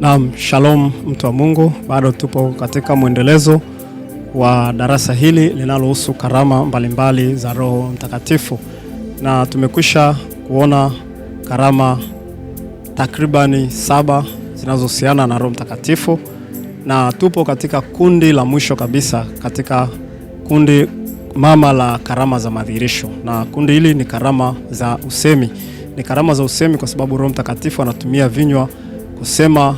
Naam, shalom mtu wa Mungu, bado tupo katika mwendelezo wa darasa hili linalohusu karama mbalimbali mbali za Roho Mtakatifu, na tumekwisha kuona karama takribani saba zinazohusiana na Roho Mtakatifu, na tupo katika kundi la mwisho kabisa katika kundi mama la karama za madhihirisho, na kundi hili ni karama za usemi. Ni karama za usemi kwa sababu Roho Mtakatifu anatumia vinywa kusema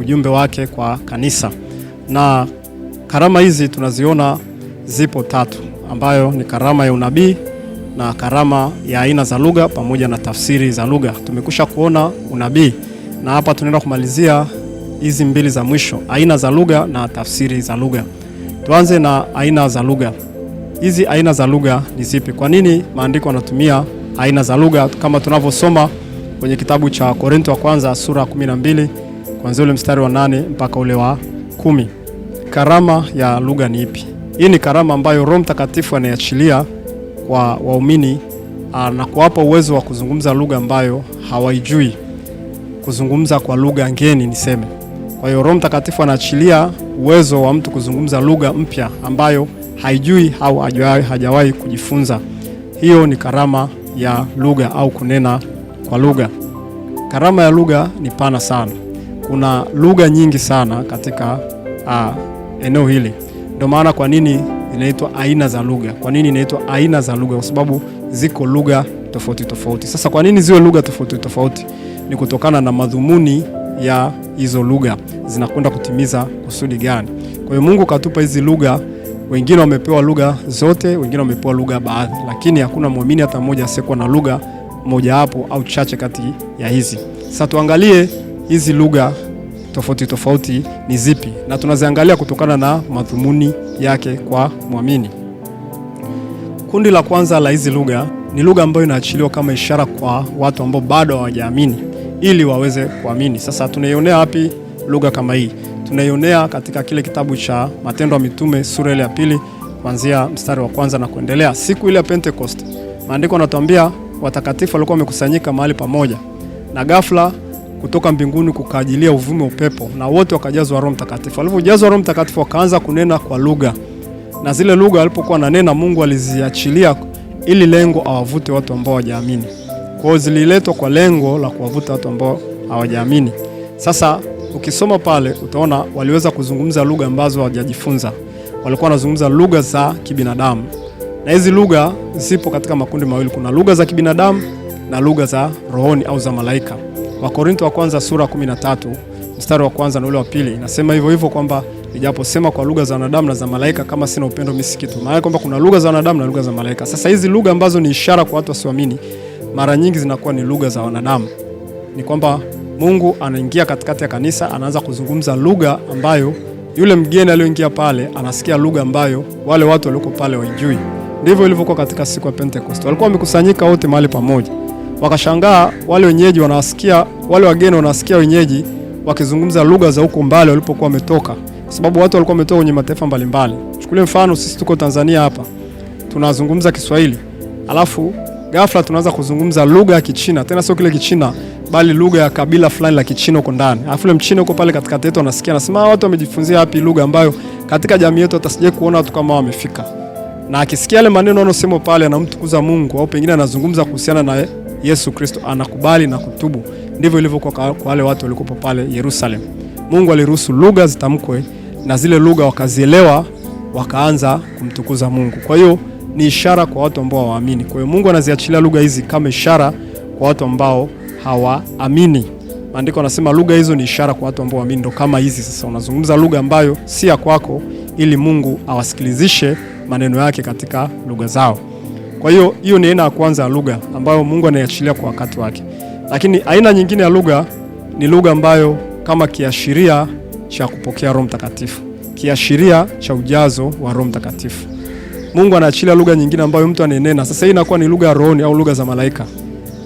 ujumbe wake kwa kanisa. Na karama hizi tunaziona zipo tatu, ambayo ni karama ya unabii na karama ya aina za lugha pamoja na tafsiri za lugha. Tumekusha kuona unabii na hapa tunaenda kumalizia hizi mbili za mwisho, aina za lugha na tafsiri za lugha. Tuanze na aina za lugha. Hizi aina za lugha ni zipi? Kwa nini maandiko yanatumia aina za lugha kama tunavyosoma kwenye kitabu cha Korinto wa kwanza sura ya 12 kuanzia ule mstari wa nane mpaka ule wa kumi. Karama ya lugha ni ipi? Hii ni karama ambayo Roho Mtakatifu anaiachilia kwa waumini ah, na kuwapa uwezo wa kuzungumza lugha ambayo hawaijui, kuzungumza kwa lugha ngeni niseme. Kwa hiyo Roho Mtakatifu anaachilia uwezo wa mtu kuzungumza lugha mpya ambayo haijui au hajawahi kujifunza. Hiyo ni karama ya lugha au kunena kwa lugha. Karama ya lugha ni pana sana, kuna lugha nyingi sana katika uh, eneo hili. Ndio maana kwa nini inaitwa aina za lugha. Kwa nini inaitwa aina za lugha? Kwa sababu ziko lugha tofauti tofauti. Sasa kwa nini ziwe lugha tofauti tofauti? Ni kutokana na madhumuni ya hizo lugha, zinakwenda kutimiza kusudi gani? Kwa hiyo Mungu katupa hizi lugha, wengine wamepewa lugha zote, wengine wamepewa lugha baadhi, lakini hakuna muumini hata mmoja asiyekuwa na lugha mojawapo au chache kati ya hizi. Sasa tuangalie hizi lugha tofauti tofauti ni zipi, na tunaziangalia kutokana na madhumuni yake kwa mwamini. Kundi la kwanza la hizi lugha ni lugha ambayo inaachiliwa kama ishara kwa watu ambao bado hawajaamini ili waweze kuamini. Sasa tunaionea wapi lugha kama hii? Tunaionea katika kile kitabu cha Matendo ya Mitume sura ile ya pili kuanzia mstari wa kwanza na kuendelea. Siku ile ya Pentecost, maandiko yanatuambia watakatifu walikuwa wamekusanyika mahali pamoja, na ghafla kutoka mbinguni kukaajilia uvume upepo, na wote wakajazwa Roho Mtakatifu. Walipojazwa Roho Mtakatifu wakaanza kunena kwa lugha, na zile lugha walipokuwa nanena, Mungu aliziachilia ili lengo awavute watu ambao hawajaamini. Kwa hiyo zililetwa kwa lengo la kuwavuta watu ambao hawajaamini. Sasa ukisoma pale utaona waliweza kuzungumza lugha ambazo hawajajifunza, walikuwa wanazungumza lugha za kibinadamu na hizi lugha zipo katika makundi mawili, kuna lugha za kibinadamu na lugha za rohoni au za malaika. Wakorinto wa kwanza sura 13 mstari wa kwanza na ule wa pili inasema hivyo hivyo kwamba nijaposema kwa lugha za wanadamu na za malaika, kama sina upendo mimi si kitu. Maana kwamba kuna lugha za wanadamu na lugha za malaika. Sasa hizi lugha ambazo ni ishara kwa watu wasioamini, mara nyingi zinakuwa ni lugha za wanadamu. Ni kwamba Mungu anaingia katikati ya kanisa, anaanza kuzungumza lugha ambayo yule mgeni aliyoingia pale anasikia lugha ambayo wale watu walioko pale waijui. Ndivyo ilivyokuwa katika siku ya Pentecost. Walikuwa wamekusanyika wote mahali pamoja, wakashangaa wale wenyeji wanasikia, wale wageni wanasikia wenyeji wakizungumza lugha za huko mbali walipokuwa wametoka, kwa sababu watu walikuwa wametoka kwenye mataifa mbalimbali. Chukulie mfano, sisi tuko Tanzania hapa tunazungumza Kiswahili alafu ghafla tunaanza kuzungumza lugha ya Kichina, tena sio kile Kichina bali lugha ya kabila fulani la Kichina huko ndani. Alafu yule mchina huko pale katikati yetu anasikia, anasema ah, watu wamejifunzia wapi lugha ambayo katika jamii yetu hata sijawahi kuona watu kama wamefika na akisikia yale maneno anaosema pale, anamtukuza Mungu au pengine anazungumza kuhusiana na Yesu Kristo, anakubali na kutubu. Ndivyo ilivyokuwa kwa wale watu walikuwa pale Yerusalemu. Mungu aliruhusu lugha zitamkwe na zile lugha wakazielewa, wakaanza kumtukuza Mungu. Kwa hiyo ni ishara kwa watu ambao hawaamini. Kwa hiyo Mungu anaziachilia lugha hizi kama ishara kwa watu ambao hawaamini. Maandiko anasema lugha hizo ni ishara kwa watu ambao waamini, ndo kama hizi sasa. Unazungumza lugha ambayo si ya kwako, ili Mungu awasikilizishe maneno yake katika lugha zao. Kwa hiyo hiyo ni aina ya kwanza ya lugha ambayo Mungu anaiachilia kwa wakati wake, lakini aina nyingine ya lugha ni lugha ambayo kama kiashiria cha kupokea Roho Mtakatifu, kiashiria cha ujazo wa Roho Mtakatifu. Mungu anaachilia lugha nyingine ambayo mtu anenena. Sasa hii inakuwa ni lugha ya rohoni au lugha za malaika.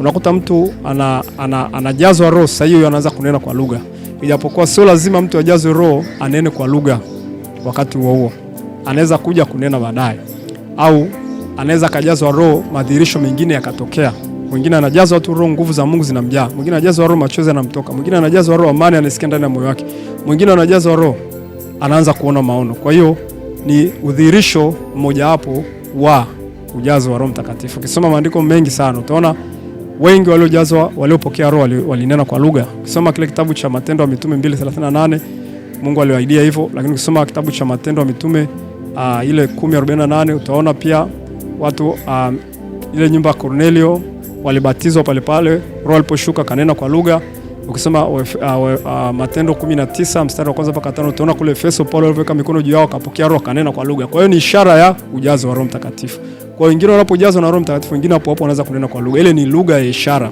Unakuta mtu ana, ana, anajazwa roho, sasa hiyo anaanza kunena kwa lugha, ijapokuwa sio lazima mtu ajazwe roho anene kwa lugha wakati huo huo anaweza kuja kunena baadaye, au anaweza akajazwa roho, madhihirisho mengine yakatokea. Mwingine anajazwa tu roho, nguvu za Mungu zinamjaa. Mwingine anajazwa roho, machozi yanamtoka. Mwingine anajazwa roho, amani anasikia ndani ya moyo wake. Mwingine anajazwa roho, anaanza kuona maono. Kwa hiyo ni udhihirisho mmojawapo wa ujazo wa Roho Mtakatifu. Ukisoma maandiko mengi sana utaona wengi waliojazwa waliopokea roho walinena kwa lugha. Ukisoma kile kitabu cha Matendo ya Mitume 2:38 Mungu aliwaidia hivyo, lakini ukisoma kitabu cha Matendo ya Mitume uh, ile 1048 utaona pia watu um, ile nyumba ya Cornelio walibatizwa palepale, roho aliposhuka kanena kwa lugha. Ukisema uh, uh, Matendo 19 mstari wa kwanza mpaka tano utaona kule Efeso Paulo alivyoweka mikono juu yao akapokea roho kanena kwa lugha. Kwa hiyo ni ishara ya ujazo wa Roho Mtakatifu. Kwa wengine wanapojazwa na Roho Mtakatifu, wengine hapo hapo wanaweza kunena kwa lugha, ile ni lugha ya ishara.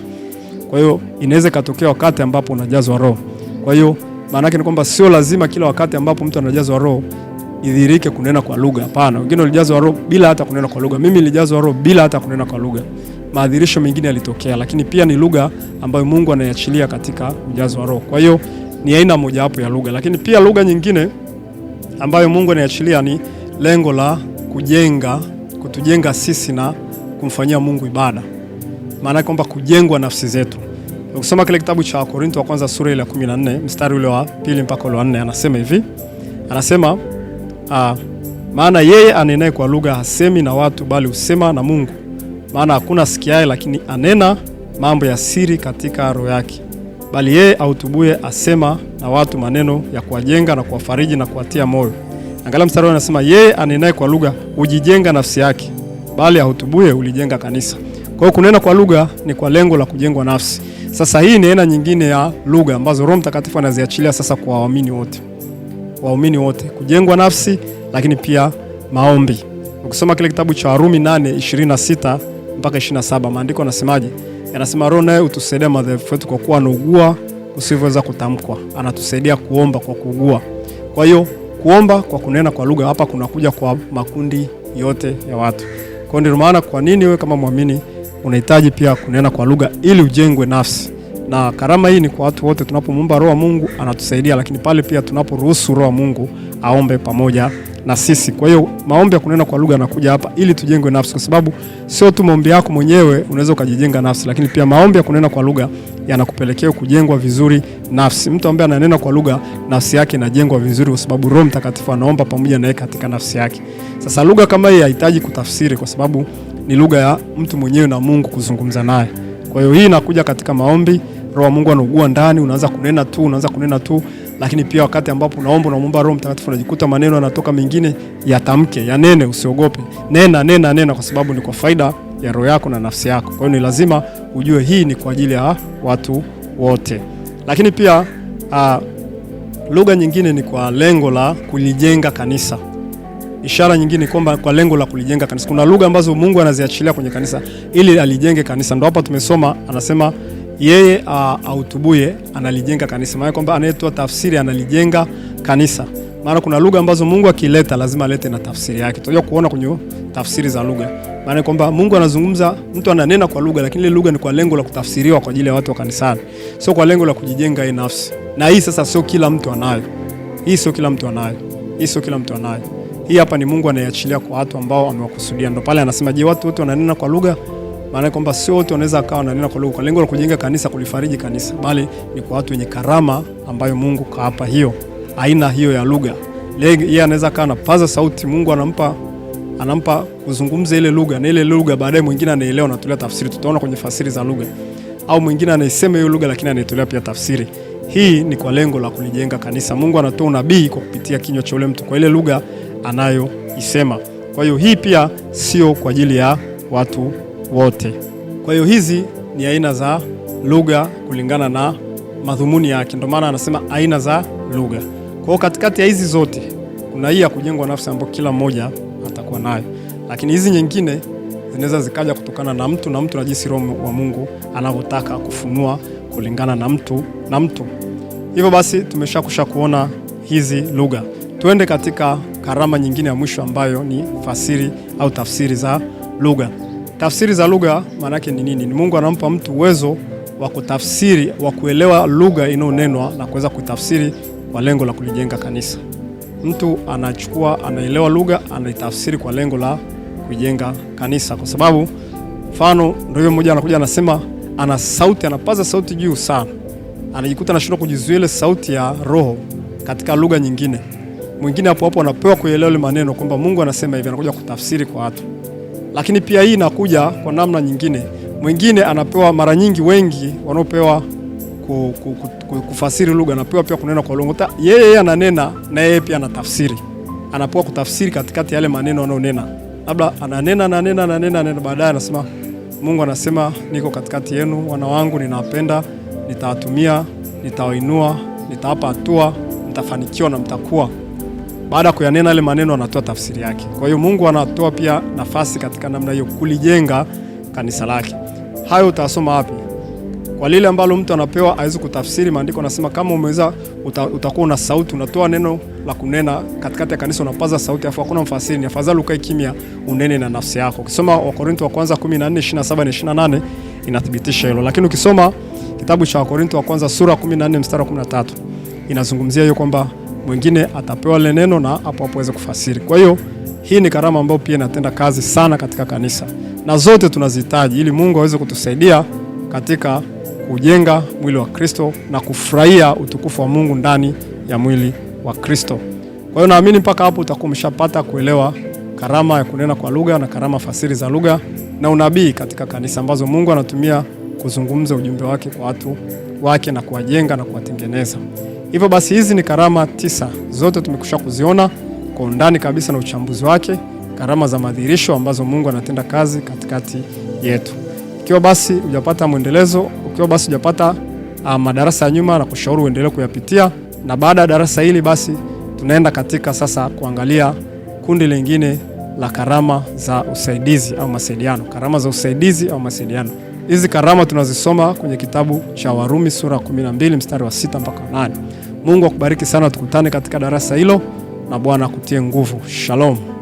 Kwa hiyo inaweza ikatokea wakati ambapo unajazwa roho. Kwa hiyo maana yake ni kwamba sio lazima kila wakati ambapo mtu anajazwa roho idhirike kunena kwa lugha. Hapana, wengine walijazwa roho bila hata kunena kwa lugha. Mimi nilijazwa roho bila hata kunena kwa lugha. Maadhirisho mengine yalitokea, lakini pia ni lugha ambayo Mungu anaiachilia katika ujazo wa roho. Kwa hiyo ni aina mojawapo ya lugha, lakini pia lugha nyingine ambayo Mungu anaiachilia ni lengo la kujenga, kutujenga sisi na kumfanyia Mungu ibada. Maana kwamba kujengwa nafsi zetu. Ukisoma kile kitabu cha Wakorintho wa kwanza sura ile ya 14 mstari ule wa pili mpaka ule wa 4 anasema hivi, anasema Ah, maana yeye anenaye kwa lugha hasemi na watu, bali husema na Mungu, maana hakuna sikiaye, lakini anena mambo ya siri katika roho yake. Bali yeye autubuye asema na watu maneno ya kuwajenga na kuwafariji na kuwatia moyo. Angalia mstari wao, anasema yeye anenaye kwa lugha hujijenga nafsi yake, bali autubuye ulijenga kanisa. Kwa hiyo kunena kwa lugha ni kwa lengo la kujengwa nafsi. Sasa hii ni aina nyingine ya lugha ambazo Roho Mtakatifu anaziachilia sasa kwa waamini wote waumini wote, kujengwa nafsi, lakini pia maombi. Ukisoma kile kitabu cha Warumi 8:26 mpaka 27, maandiko yanasemaje? Yanasema Roho naye utusaidia madhaifu yetu, kwa kuwa anaugua usivyoweza kutamkwa, anatusaidia kuomba kwa kuugua. Kwa hiyo kuomba kwa kunena kwa lugha hapa kunakuja kwa makundi yote ya watu. Kwa ndio maana kwa nini wewe kama mwamini unahitaji pia kunena kwa lugha ili ujengwe nafsi na karama hii ni kwa watu wote. Tunapomuomba Roho wa Mungu anatusaidia, lakini pale pia tunaporuhusu Roho wa Mungu aombe pamoja na sisi. Kwa hiyo maombi ya kunena kwa lugha yanakuja hapa ili tujengwe nafsi, kwa sababu sio tu maombi yako mwenyewe unaweza ukajijenga nafsi, lakini pia maombi ya kunena kwa lugha yanakupelekea kujengwa vizuri nafsi. Mtu ambaye ananena kwa lugha, nafsi yake inajengwa vizuri, kwa sababu Roho Mtakatifu anaomba pamoja naye katika nafsi yake. Sasa lugha kama hii haihitaji kutafsiri, kwa sababu ni lugha ya mtu mwenyewe na Mungu kuzungumza naye. Kwa hiyo hii inakuja katika maombi Roho wa Mungu anaugua ndani, unaanza kunena tu, unaanza kunena tu. Lakini pia wakati ambapo unaomba, unaomba Roho Mtakatifu, unajikuta maneno yanatoka mengine, yatamke, yanene, usiogope. Nena, nena, nena kwa sababu ni kwa faida ya roho yako na nafsi yako. Kwa hiyo ni lazima ujue hii ni kwa ajili ya watu wote. Lakini pia uh, lugha nyingine ni kwa lengo la kulijenga kanisa. Ishara nyingine kwamba kwa lengo la kulijenga kanisa. Kuna lugha ambazo Mungu anaziachilia kwenye kanisa ili alijenge kanisa. Ndio hapa tumesoma anasema yeye autubuye analijenga kanisa, maana kwamba anayetoa tafsiri analijenga kanisa. Maana kuna lugha ambazo Mungu akileta lazima alete na tafsiri yake. Tunajua kuona kwenye tafsiri za lugha, maana kwamba Mungu anazungumza, mtu ananena kwa lugha, lakini ile lugha ni kwa lengo la kutafsiriwa kwa ajili ya watu wa kanisani, sio kwa lengo la kujijenga yeye nafsi. Na hii sasa sio kila mtu anayo hii, sio kila mtu anayo hii, sio kila mtu anayo hii. Hapa ni Mungu anayeachilia kwa watu ambao amewakusudia. Ndio pale anasema, je, watu wote wananena kwa lugha? maana kwamba sio wote wanaweza akawa na neno kwa lugha kwa lengo la kujenga kanisa, kulifariji kanisa, bali ni kwa watu wenye karama ambayo Mungu kaapa hiyo aina hiyo ya lugha. Yeye anaweza akawa anapaza sauti, Mungu anampa anampa kuzungumza ile lugha, na ile lugha baadaye mwingine anaelewa, na tulia tafsiri. Tutaona kwenye fasiri za lugha, au mwingine anaisema hiyo lugha, lakini anaitolea pia tafsiri. Hii ni kwa lengo la kulijenga kanisa. Mungu anatoa unabii kwa kupitia kinywa cha ule mtu kwa ile lugha anayoisema. Kwa hiyo hii pia sio kwa ajili ya watu wote. Kwa hiyo hizi ni aina za lugha kulingana na madhumuni yake, ndio maana anasema aina za lugha. Kwa hiyo katikati ya hizi zote kuna hii ya kujengwa nafsi ambayo kila mmoja atakuwa nayo, lakini hizi nyingine zinaweza zikaja kutokana na mtu na mtu na jinsi Roho wa Mungu anavyotaka kufunua kulingana na mtu na mtu. Hivyo basi tumeshakusha kuona hizi lugha. Tuende katika karama nyingine ya mwisho ambayo ni fasiri au tafsiri za lugha. Tafsiri za lugha maana yake ni nini? Ni Mungu anampa mtu uwezo wa kutafsiri, wa kuelewa lugha inayonenwa na kuweza kutafsiri kwa lengo la kulijenga kanisa. Mtu anachukua, anaelewa lugha, anaitafsiri kwa lengo la kujenga kanisa, kwa sababu mfano ndio hiyo. Mmoja anakuja anasema, ana sauti, anapaza sauti juu sana, anajikuta anashindwa kujizuia ile sauti ya roho katika lugha nyingine. Mwingine hapo hapo anapewa kuelewa ile maneno kwamba Mungu anasema hivi, anakuja kutafsiri kwa watu lakini pia hii inakuja kwa namna nyingine. Mwingine anapewa mara nyingi, wengi wanaopewa ku, ku, ku, kufasiri lugha anapewa pia kunena kwa lugha. Yeye yeye ananena na yeye pia anatafsiri, anapewa kutafsiri katikati yale maneno anayonena, labda ananena ananena ananena ananena, baadaye anasema Mungu anasema niko katikati yenu, wana wangu, ninawapenda, nitawatumia, nitawainua, nitawapa hatua, mtafanikiwa na mtakuwa baada ya kuyanena yale maneno anatoa tafsiri yake. Kwa hiyo Mungu anatoa pia nafasi katika namna hiyo kulijenga kanisa lake. Hayo utasoma wapi? Kwa lile ambalo mtu anapewa aweze kutafsiri maandiko, anasema kama umeweza uta, utakuwa na sauti, unatoa neno la kunena katikati ya kanisa, unapaza sauti, afu hakuna mfasiri, afadhali ukae kimya, unene na nafsi yako. Ukisoma Wakorintho wa kwanza 14:27 na 28 inathibitisha hilo, lakini ukisoma kitabu cha Wakorintho wa kwanza sura 14 mstari wa 13 inazungumzia hiyo kwamba mwingine atapewa le neno na hapo hapo aweze kufasiri. Kwa hiyo hii ni karama ambayo pia inatenda kazi sana katika kanisa, na zote tunazihitaji ili Mungu aweze kutusaidia katika kujenga mwili wa Kristo na kufurahia utukufu wa Mungu ndani ya mwili wa Kristo. Kwa hiyo naamini mpaka hapo utakuwa umeshapata kuelewa karama ya kunena kwa lugha na karama fasiri za lugha na unabii katika kanisa ambazo Mungu anatumia kuzungumza ujumbe wake kwa watu wake na kuwajenga na kuwatengeneza. Hivyo basi hizi ni karama tisa, zote tumekusha kuziona kwa undani kabisa na uchambuzi wake, karama za madhihirisho ambazo Mungu anatenda kazi katikati yetu. Ikiwa basi hujapata mwendelezo, ukiwa basi hujapata ah, madarasa ya nyuma, na kushauri uendelee kuyapitia, na baada ya darasa hili basi tunaenda katika sasa kuangalia kundi lingine la karama za usaidizi au masaidiano. Karama za usaidizi au masaidiano, hizi karama tunazisoma kwenye kitabu cha Warumi sura 12 mstari wa 6 mpaka 8. Mungu akubariki sana, tukutane katika darasa hilo, na Bwana akutie nguvu. Shalom.